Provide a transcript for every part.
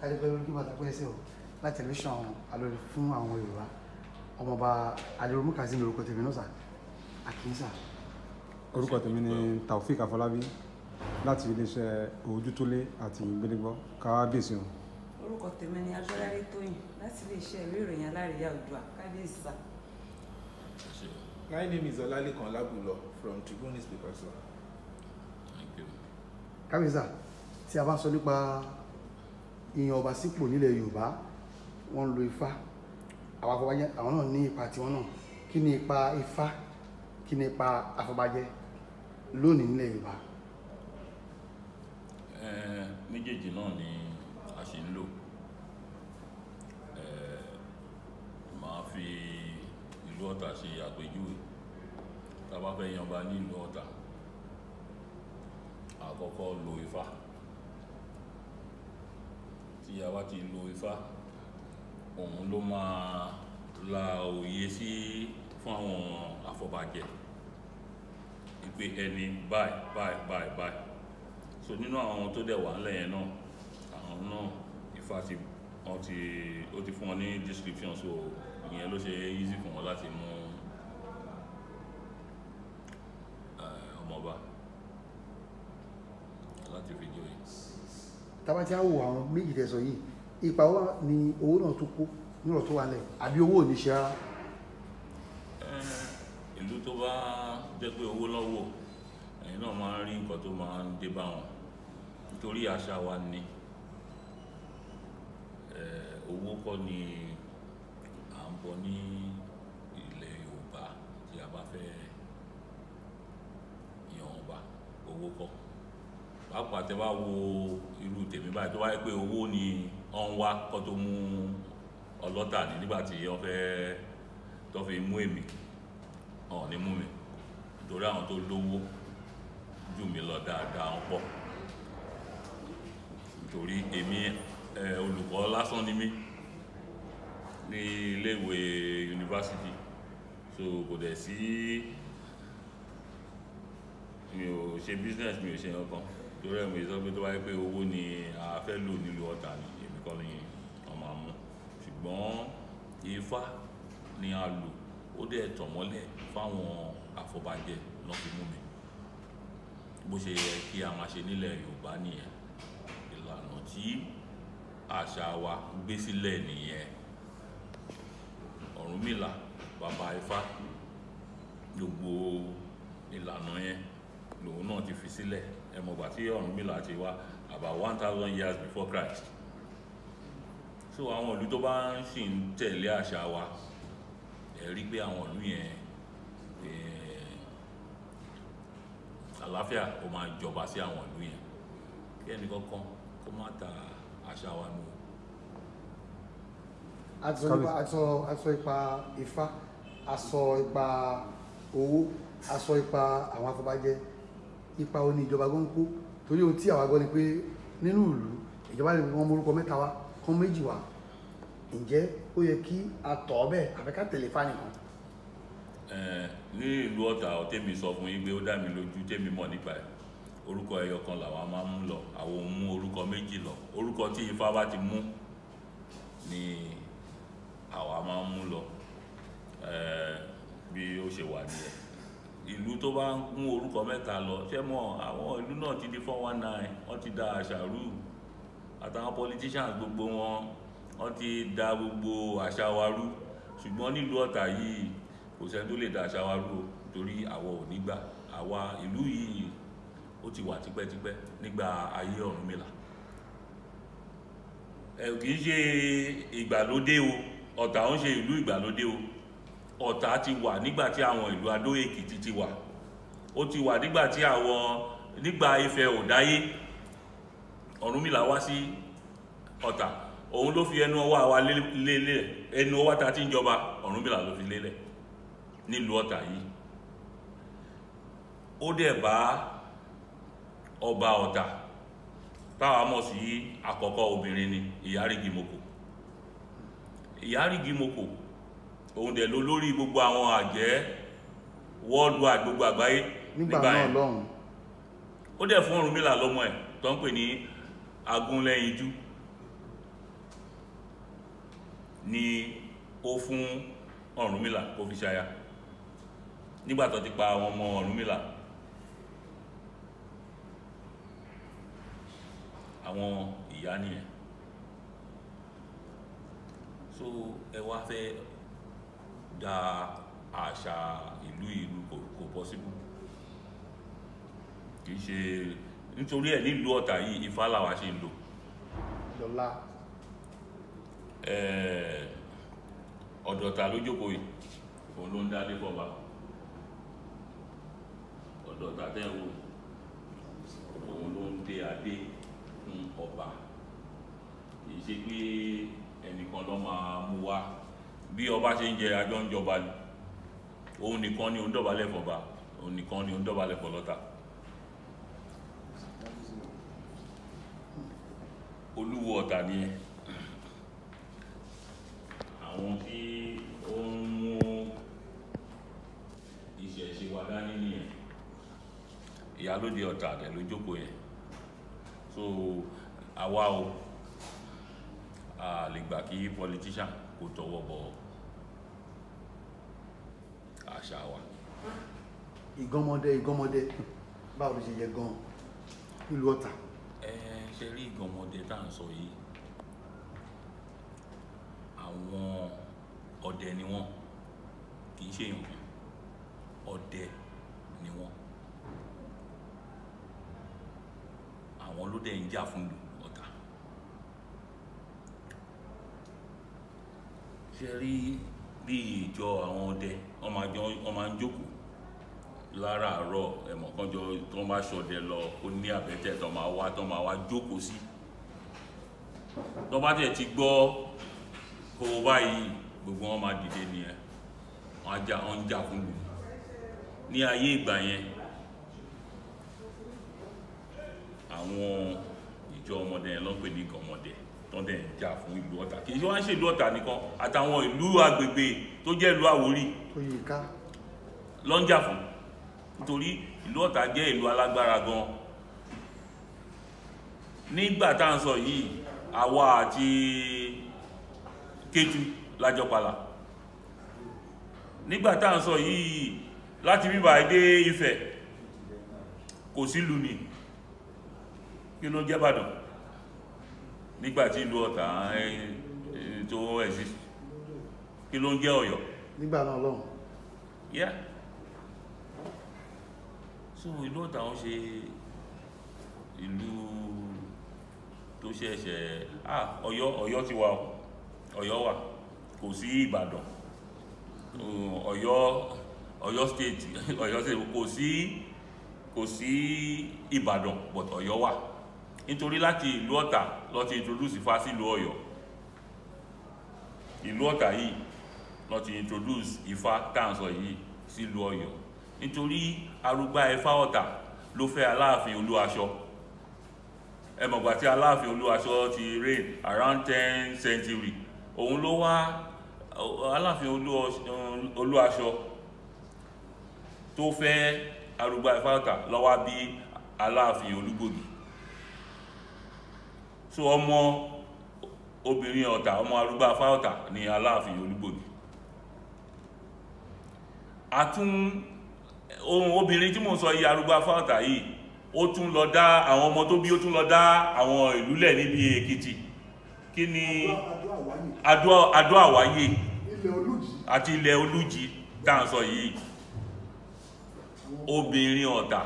kálípẹ́ lórí kíbọ̀tà pé ẹsẹ̀ o láti tẹlifíṣàn alóore fún àwọn yorùbá ọmọọba alẹ́rọ̀mú kazeem lórúkọ tèmi náà sà àkínsà. orúkọ tèmi ni taofik afọlábí láti iléeṣẹ́ ojútólé àti ìgbélégbọ́ kábíyèsí o. orúkọ tèmi ni adúláyé tóyìn láti iléeṣẹ́ ìwé ìròyìn alárìíyá oòdùà kábíyèsí sà. My name is Olalekan Labulo from Tribune newspaper sir. Kábíyèsí sà tí a bá sọ nípa ìyàn ọba sípò nílẹ̀ yorùbá wọ́n ń lo ifá àwọn àwọn náà ní ipa tiwọn náà kí ni ipa ifá kí ni ipa afọbajẹ lónìí nílẹ̀ yorùbá. méjèèjì náà ni a ṣe ń lò máa fi ìlú ọ̀tà ṣe àpèjúwe tá a bá fẹ́ yan ọba ní ìlú ọ̀tà àkọ́kọ́ lo ifá. E, tí a bá ti lo ifá òun ló máa la òye sí fún àwọn àfọbàjẹ́ ìpè ẹni báyìí báyìí báyìí báyìí so nínú àwọn tó dẹ̀ wà ńlẹ̀ yẹn náà àwọn náà ifá ti ó ti fún wọn ní description so ìyẹn ló ṣe easy fún wọn láti mú tí a wò àwọn méjì tẹ̀sán yìí ipa wa ni owó náà tó kó nírọ̀ tó wà lẹ̀ àbí owó ò ní ṣe rárá. Eh, ìlú tó bá jẹ́ pé owó lọ́wọ́ ẹ̀yin náà máa ń rí nǹkan tó máa ń dé bá wọn nítorí àṣà wa ni eh, owó kọ́ ni à ń bọ ní ilẹ̀ Yorùbá tí a bá fẹ́ yan ọba owó kọ́ pàápàá tẹ bá wo irú tèmi báyìí tó bá yẹ pé owó ni ọ ń wá kó tó mú ọlọ́tà ní nígbà tí wọ́n fẹ́ tó fi mú èmi ọ̀ ní mú mi nítorí àwọn tó lówó jù mí lọ dáadáa ń pọ̀ nítorí èmi olùkọ́ lásán ni mí ní iléèwé yunifásitì so kò dẹ̀ sí mi ò ṣe business mi ò ṣe nǹkan torí ẹ̀mọ̀ yìí sọ pé tó bá yẹ pé owó ni a fẹ́ lò nílùú ọ̀tà ni èmi kọ́ ni ọmọ àmú ṣùgbọ́n ifá ni a lò ó dẹ̀ tọ̀mọ́lẹ̀ fáwọn àfọbàjẹ́ náà fi mú mi bó ṣe yẹ kí a máa ṣe nílẹ̀ Yorùbá nìyẹn ìlànà tí àṣà wa gbé sílẹ̀ nìyẹn Ọ̀rúnmìlà bàbá ifá gbogbo ìlànà yẹn lòun náà ti fi sílẹ̀ ẹ mọ̀ gbà tí wá about one thousand years before Christ so àwọn ìlú tó bá ń sì ń tẹ̀lé àṣà wa ẹ rí pé àwọn ìlú yẹn àlàáfíà ó máa jọba sí àwọn ìlú yẹn kí ẹnì kankan kó má ta àṣà wa nù. a sọ ipa Ifá a sọ ipa owó a ipa àwọn afọbajẹ ipa o ní ìjọba gan kó torí ohun tí àwa gan ni pé nínú ìlú ìjọba lè wọn morúkọ mẹ́ta wá kan méjì wá ǹjẹ́ ó yẹ kí a tọ̀ ọ́ bẹ́ẹ̀ àbẹ́ká tẹ̀lé fáànì kan. ní ìlú Ọ̀tà tèmi sọ fún yín pé ó dá mi lójú tèmi mọ̀ nípa ẹ̀ orúkọ ẹyọ kan làwọn máa ń mú lọ àwọn ò mú orúkọ méjì lọ orúkọ tí Ifá bá ti mú ni àwa máa ń mú lọ bí ó ṣe wà nìyẹn ìlú tó bá ń kún orúkọ mẹ́ta lọ ṣé mọ̀ àwọn ìlú náà ti di four one nine wọ́n ti da àṣàrù àtàwọn politicians gbogbo wọn wọ́n ti da gbogbo àṣà wa rú ṣùgbọ́n nílùú Ọ̀tà yìí kò sẹ́ni tó lè da àṣà wa rú o torí àwa ò ní gbà àwa ìlú yìí ó ti wà tipẹ́tipẹ́ nígbà ayé Ọ̀rúnmìlà ẹ kì í ṣe ìgbàlódé o Ọ̀tà ń ṣe ìlú ìgbàlódé o ọ̀tà ti wà nígbà tí àwọn ìlú adó èkìtì ti wà ó ti wà nígbà tí àwọn nígbà ifẹ̀ ò dáyé ọ̀rúnmìlà wá sí ọ̀tà òun ló fi ẹnu ọwọ́ àwa lélẹ̀ ẹnu ọwọ́ ta ti ń jọba ọ̀rúnmìlà ló fi lélẹ̀ nílùú ọ̀tà yìí ó dẹ̀ bá ọba ọ̀tà táwa mọ̀ sí àkọ́kọ́ obìnrin ni ìyárígimoko ìyárígimoko òun dẹ̀ ló lórí gbogbo àwọn àjẹ́ worldwide gbogbo àgbáyé nígbà náà lọ́hùn ó dẹ̀ fún Ọ̀rúnmìlà lọ́mọ ẹ̀ tó ń pè ní Agúnlẹ́yinjú ni ó fún Ọ̀rúnmìlà kó fi ṣaya nígbà tó ti pa àwọn ọmọ Ọ̀rúnmìlà àwọn ìyá nìyẹn so ẹ wá fẹ́ da àṣà ìlú ìlú kò possible kì í ṣe nítorí ẹ̀ nílùú ọ̀tà yìí ifá làwa ṣe ń lò. lọ́lá. ọ̀dọ̀ta ló jókòó yìí òun ló ń dá lé fọba ọ̀dọ̀ta tẹ́ ń wò òun ló ń dé adé fún ọba kì í ṣe pé ẹnìkan ló máa mú wá bí ọba ṣe ń jẹ àjọ ń jọba ni òun nìkan ni òun dọ̀bálẹ̀ fọba òun nìkan ni òun dọ̀bálẹ̀ fọlọ́ta olúwo ọ̀tà ni ẹ àwọn tí ó ń mú ìṣẹ̀ṣe wa dání nìyẹn ìyálóde ọ̀tà dẹ̀ ló jókòó yẹn so àwa o a lè gbà kí politician kò tọwọ́ bọ̀ ọ́. ìgànmọdé ìgànmọdé báwo ló ṣe yẹ gan nílùú ọ̀tà. ẹ ṣe rí ìgànmọdé tá à ń sọ yìí àwọn ọdẹ ni wọn kì í ṣe èèyàn ọdẹ ni wọn àwọn ló dẹ̀ ń jà fún ìlú ọ̀tà ṣe rí bí ìjọ àwọn ọdẹ wọn máa ń jókòó láràárọ̀ ẹ̀mọ̀ kan jọ tó ṣọdẹ lọ ó ní àbẹ́tẹ̀ tó máa wá tó máa wá jókòó sí tó bá tẹ̀ ti gbọ́ kó o báyìí gbogbo wọn máa dìde nìyẹn wọn á já wọn ń jà fún mi ní ayé ìgbà yẹn àwọn ìjọ ọmọdé yẹn ló ní gọmọdé tó dẹ̀ ń jà fún ìlú ọ̀tà kì í ṣe wá ń ṣe ìlú ọ̀tà nìkan àtàwọn ìlú agbègbè tó jẹ́ ìlú àwórì tó fún un nítorí ìlú Ọ̀tà jẹ́ ìlú alágbára gan nígbà tá à ń sọ yìí àwa àti Kétu lájọ pàlà nígbà tá à ń sọ yìí láti bíbà dé Ifẹ̀ kò sílùú ni kí ló jẹ́ Ìbàdàn nígbà tí ìlú Ọ̀tà tó exist kí ló ń jẹ́ Ọ̀yọ́ nígbà náà lọ́hùn yeah so ìlú Ọ̀tà ń ṣe ìlú tó ṣẹ̀ṣẹ̀ ah Ọ̀yọ́ Ọ̀yọ́ ti wà Ọ̀yọ́ wà kò sí Ìbàdàn Ọ̀yọ́ Ọ̀yọ́ state Ọ̀yọ́ state kò sí kò sí Ìbàdàn but Ọ̀yọ́ wà nítorí láti ìlú Ọ̀tà lọ ti introduce Ifá sí ìlú Ọ̀yọ́ ìlú Ọ̀tà yìí lọ ti introduce Ifá tá à ń sọ yìí sílùú Ọ̀yọ́ nítorí arúgbá Ifá Ọ̀tà ló fẹ́ Aláàfin Olúaṣọ ẹ mọ̀gbà tí Aláàfin Olúaṣọ ti reign around ten century òun ló wá Aláàfin Olúaṣọ tó fẹ́ arúgbá Ifá Ọ̀tà ló wá bí Aláàfin Olúgbòdì so ọmọ obìnrin Ọ̀tà ọmọ arúgbá Ifá Ọ̀tà ni Aláàfin Olúgbòdì a tún ohun obìnrin tí mò ń sọ yìí arúgbó fáwọ̀tà yìí ó tún lọ dá àwọn ọmọ tó bí ó tún lọ dá àwọn ìlú lẹ̀ níbi èkìtì kí ni adó àwáyé àti ilẹ̀ olújì tá à ń sọ yìí obìnrin ọ̀tà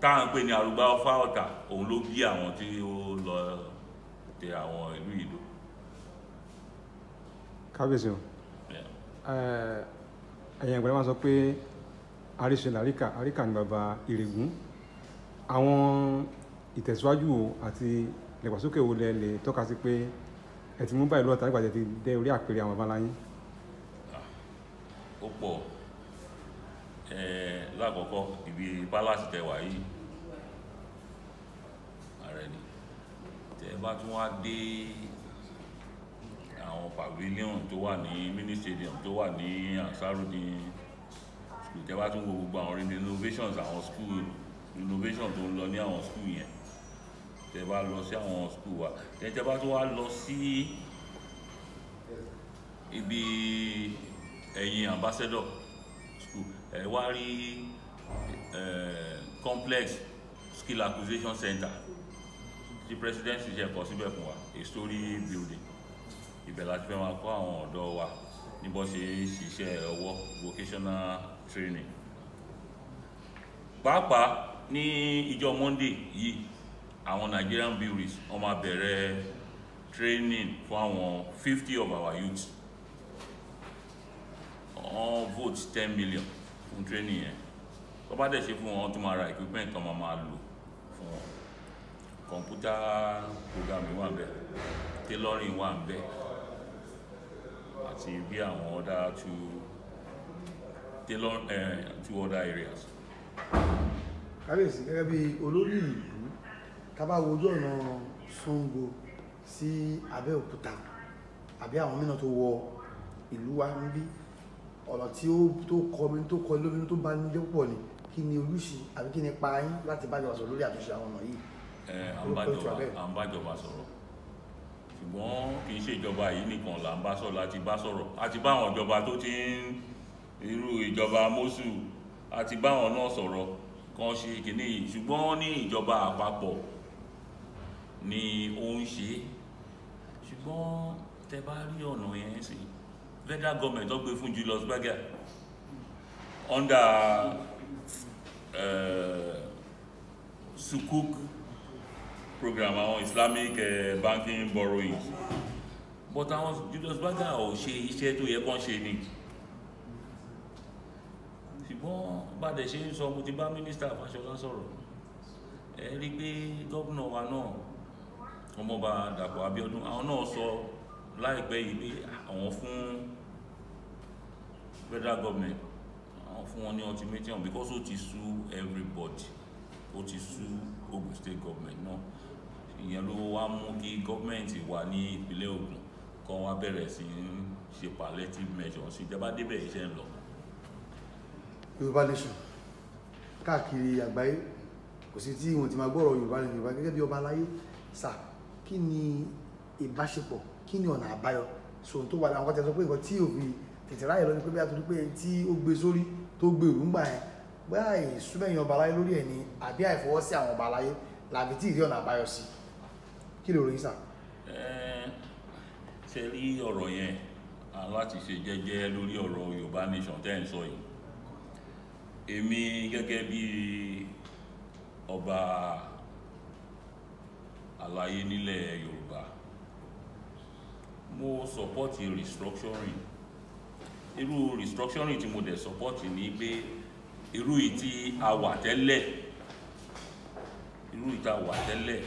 tá à ń pè ní arúgbó fáwọ̀tà òun ló bí àwọn tí ó lọ tẹ àwọn ìlú ìlú. kábíyèsí o ẹ̀yìn ìgbàlẹ́ máa sọ pé àríṣẹlẹ̀ àríkà àríkà ní bàbá ìrègùn àwọn ìtẹ̀síwájú àti ìlẹ̀gbàsókè wo lẹ lè tọ́ka sí pé ẹ ti mú báyìí lọ́ta nígbà tí ẹ ti dé orí àpèrè àwọn bàbá láyín. ó pọ̀ lákọ̀ọ́kọ́ ibi pálásì tẹ wà yìí ààrẹ ni tẹ bá tún wá dé àwọn pavilion tó wà ní mini stadium tó wà ní Ansarudeen ìjọba tún wo gbogbo àwọn renovations àwọn school renovation tó ń lọ ní àwọn school yẹn ìjọba lọ sí àwọn school wa ìjọba tún wá lọ sí ibi ẹ̀yìn ambassador school ẹ̀ wá rí complex skill acquisition center ti presidency ṣe kọ síbẹ̀ fún wa a story building ibẹ̀ láti fẹ́ máa kọ́ àwọn ọ̀dọ́ wa ní ṣe ṣiṣẹ́ ọwọ́ vocational training pàápàá ní ìjọ monday yìí àwọn nigerian breweries wọ́n máa bẹ̀rẹ̀ training fún àwọn fifty of our youth wọ́n vote ten million fún training yẹn tó bá dẹ̀ ṣe fún wọn wọ́n máa ra equipment kan máa máa lò fún wọn kọ̀ǹpútà program wà ń bẹ̀ tailoring wà ń bẹ̀ àti bí àwọn other two Taylor uh, eh, to other areas. kábíyèsí gẹ́gẹ́ bí olórí ìlú tábà wojú ọ̀nà Ṣàngó sí Abẹ́òkúta àbí àwọn mìíràn tó wọ ìlú wa ń bí ọ̀nà tí ó tó kọmi tó kọ lómi tó bá níjẹ́ púpọ̀ ni kí ni olùsí àbí kí ni pa yín láti bá jọba sọ̀rọ̀ lórí àtúnṣe àwọn ọ̀nà yìí. ẹ eh, à ń bá jọba sọ̀rọ̀ ṣùgbọ́n kì í ṣèjọba yìí nìkan là ń bá sọ̀rọ̀ àti bá sọ̀rọ̀ àti bá àwọn ìjọba tó ti ń irú ìjọba mọ́sù àti báwọn náà sọ̀rọ̀ kan ṣe kìíní yìí ṣùgbọ́n wọ́n ní ìjọba àpapọ̀ ni ó ń ṣe ṣùgbọ́n tẹ bá rí ọ̀nà yẹn sí federal government tó gbé fún Julius Berger under uh, sukuk program àwọn Islamic uh, banking borrowing but àwọn Julius Berger ò ṣe iṣẹ́ tó yẹ kán ṣe ni ṣùgbọ́n bàdẹ̀ ṣe ń sọ mo ti bá mínísítà Fáṣọlá sọ̀rọ̀ ẹ rí i pé gómìnà wa náà ọmọọba Dàpọ̀ Abíọ́dún àwọn náà sọ láìpẹ́ yìí pé àwọn fún federal government àwọn fún wọn ní ultimatum because ó ti sú everybody ó ti sú Ogun state government náà ìyẹn ló wá mú kí gọ́ọ̀mẹ̀ntì wà ní ìpínlẹ̀ Ògùn kan wá bẹ̀rẹ̀ sí í ṣe palliative measures ìjọba débẹ̀ iṣẹ́ ń lọ yorùbá nation káàkiri àgbáyé kò sí tí wọ́n ti máa gbọ́rọ̀ yorùbá nation yorùbá gẹ́gẹ́ bí ọba aláyé sà kí ni ìbáṣepọ̀ kí ni ọ̀nà àbáyọ sòun tó wà láwọn kọ́tẹ́ sọ pé nǹkan tí òfin tètè ráyè lọ ni pé bí a torí pé tí ó gbé sórí tó gbé òrùngbà yẹn bóyá ìsúmẹ̀yìn ọba aláyé lórí ẹ̀ ni àbí àìfọwọ́sí àwọn ọba aláyé làbí tí ìrí ọ̀nà àbáyọ sí kí ló ròyìn sà. ṣe rí ọ̀rọ̀ yẹn èmi gẹ́gẹ́ bí ọba àlàyé nílẹ̀ Yorùbá mo support restructuring irú restructuring tí mo dẹ̀ support ni pé irú yìí tí a wà tẹ́lẹ̀ irú yìí tí a wà tẹ́lẹ̀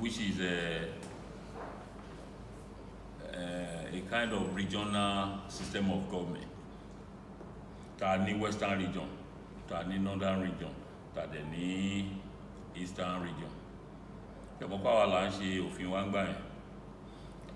which is a, eh, a, eh, a kind of regional system of government ta ní western region ta ní northern region ta dẹ̀ ní eastern region ìjọba wa là ń ṣe òfin wa ń gbà yẹn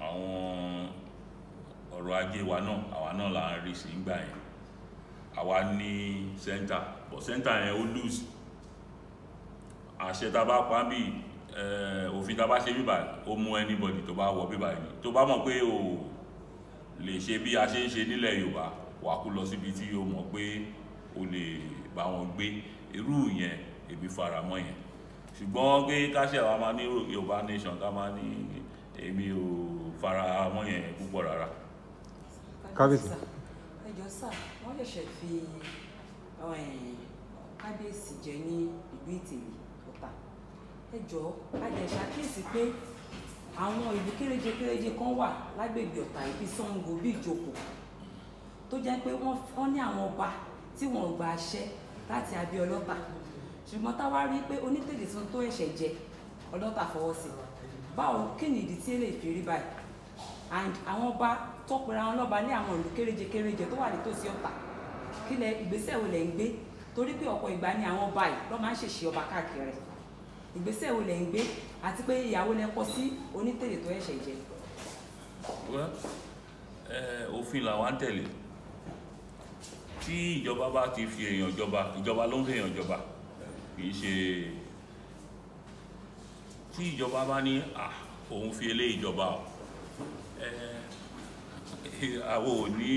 àwọn ọ̀rọ̀ ajé wa náà àwa náà là ń rí sí ń gbà yẹn àwa ní sẹ́ńtà bọ̀ sẹ́ńtà yẹn ó lose àṣẹ tá a bá pa bí eh, òfin tá bá ṣe bíbà ó mú anybody tó bá wọ bíbà yìí tó bá mọ̀ pé o lè ṣe bí a ṣe ń ṣe nílẹ̀ Yorùbá wàá kó lọ síbi tí o mọ̀ pé o lè bá wọn gbé irú yẹn èmi faramọ́ yẹn ṣùgbọ́n pé káṣẹ́ wa máa ní Yorùbá nation ká máa ní èmi ò faramọ́ yẹn púpọ̀ rárá. kábíyèsí. ẹjọ́ sà wọ́n lè ṣe fi eh, kábíyèsí jẹ ní ìlú ìtìlì ọ̀tà ẹjọ́ ajẹ́ ṣàkíyèsí pé àwọn ìlú kéréje kéréje kan wà lágbègbè ọ̀tà ìbí Ṣàngó bí Ìjòkò tó jẹ́ pé wọ́n ní àwọn ọba tí wọ́n ò gba àṣẹ láti abẹ́ ọlọ́ba ṣùgbọ́n táwa rí i pé onítẹ̀lẹ̀ tó ń tó ẹ̀ṣẹ̀ jẹ ọlọ́ba fọwọ́ sí báwo kí ni ìdí tí eléyìí fi rí báyìí and àwọn ọba tó pera wọn lọ́ba ní àwọn ìlú kéréje kéréje tó wà nítòsí ọ̀tà kí lẹ ìgbésẹ̀ wo lẹ̀ ń gbé torí pé ọ̀pọ̀ ìgbà ni àwọn ọba yìí ló máa ń ṣèṣe ọba káàkiri ìgbésẹ̀ wo lẹ̀ ń gbé àti pé ìyàwó lẹ kọ sí onítẹ̀lẹ̀ tó ẹ̀ṣẹ̀ jẹ. Eh, òfin làwọn á tẹ̀lé tí ìjọba bá ti fi èèyàn jọba ìjọba ló ń fi èèyàn jọba kì ṣe tí ìjọba bá ní à òun fi eléyìí jọba o àwọn ò ní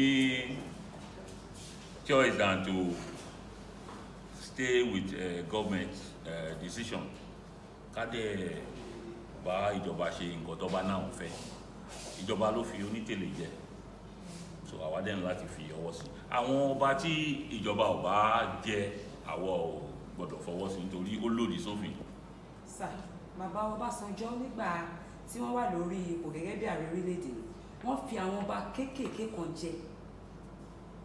choice than to stay with uh, government uh, decision ká dẹ̀ bá ìjọba ṣe nǹkan tó bá náà fẹ́ ìjọba ló fi onítẹ̀lé jẹ so àwa dẹ̀ ní láti fi ọwọ́ sí àwọn ọba tí ìjọba ò bá jẹ àwọ ò gbọ́dọ̀ fọwọ́ sí nítorí ó lòdì sófin. sà bàbá Ọbásanjọ́ nígbà tí wọ́n wà lórí ipò gẹ́gẹ́ bí ààrẹ orílẹ̀-èdè wọ́n fi àwọn ọba kéékèèké kan jẹ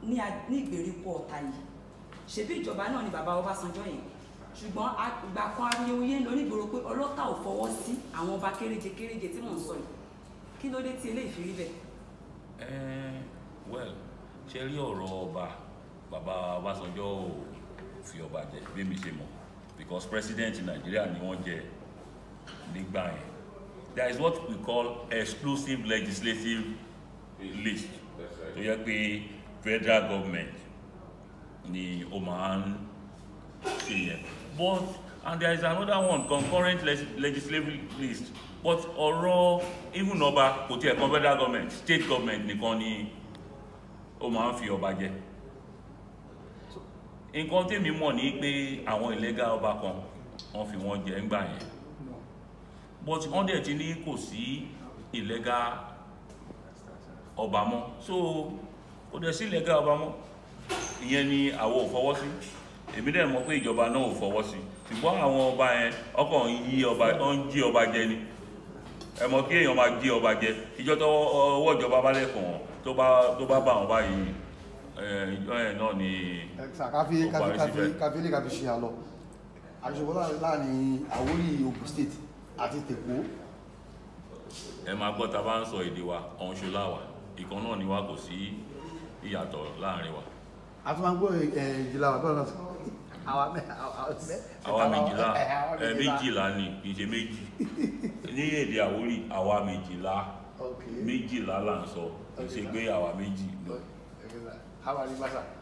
ní ìgbèríko ọ̀tà yìí ṣebí ìjọba náà ni bàbá Ọbásanjọ́ yẹn ṣùgbọ́n àgbà kan awuyewuye ń lọ nígboro pé ọlọ́kà ò fọwọ́ sí àwọn ọba kéréje kéréje tí mò ń sọ yìí kí ló dé tí eléyìí fi rí bẹ́ẹ̀ well ṣe rí ọ̀rọ̀ ọba bàbá Ọbásanjọ́ ò fi ọba jẹ bí mi ṣe mọ̀ because president Nàìjíríà ni wọ́n jẹ nígbà yẹn there is what we call exclusive legislative list tó yẹ pé federal government ni ó máa ń ṣe yẹn but and there is another one concurrent legislative list but ọ̀rọ̀ even ọba kò tiẹ̀ kan federal government state government nìkan ni ó máa ń fi ọba jẹ nǹkan tèmi mọ̀ ní pé àwọn ìlẹ́gà ọba kan wọ́n fi wọ́n jẹ ńgbà yẹn but wọ́n dẹ̀ ti ní kò sí ìlẹ́gà ọba mọ́ so kò dẹ̀ sí ìlẹ́gà ọba mọ́ ìyẹn ni àwọn ò fọwọ́ sí èmi dẹ̀ mọ̀ pé ìjọba náà ò fọwọ́ sí ṣùgbọ́n àwọn ọba yẹn ọkàn yí ọba ọ ń jí ọba jẹ ni ẹ mọ̀ kí èèyàn máa jí ọba jẹ ìjọ tó ọwọ́ ìjọba bá lẹ́kọ̀ọ́ tó bá tó bá bá àwọn báyìí eh, ìjọ ẹ̀ náà ni ó parí síbẹ̀. káfílẹ̀ káfí ṣe àlọ́ àṣepọ̀ láàrin Àwórì Ogun State àti tèkó. ẹ máa gbọ́ ta bá ń sọ èdè wa ọ̀hún ṣe láwà ìkan náà ni wa kò sí ìyàtọ̀ láàrin wa. a tún máa ń gbọ́ ìjìlá wa bọ́ọ̀lù náà àwa méjìlá ẹ eh, eh, méjìlá ni kì í ṣe méjì ní èdè Àwórì àwa méjìlá méjìlá là ń sọ ṣe gbé àwa méjì. àwa ní bàtà.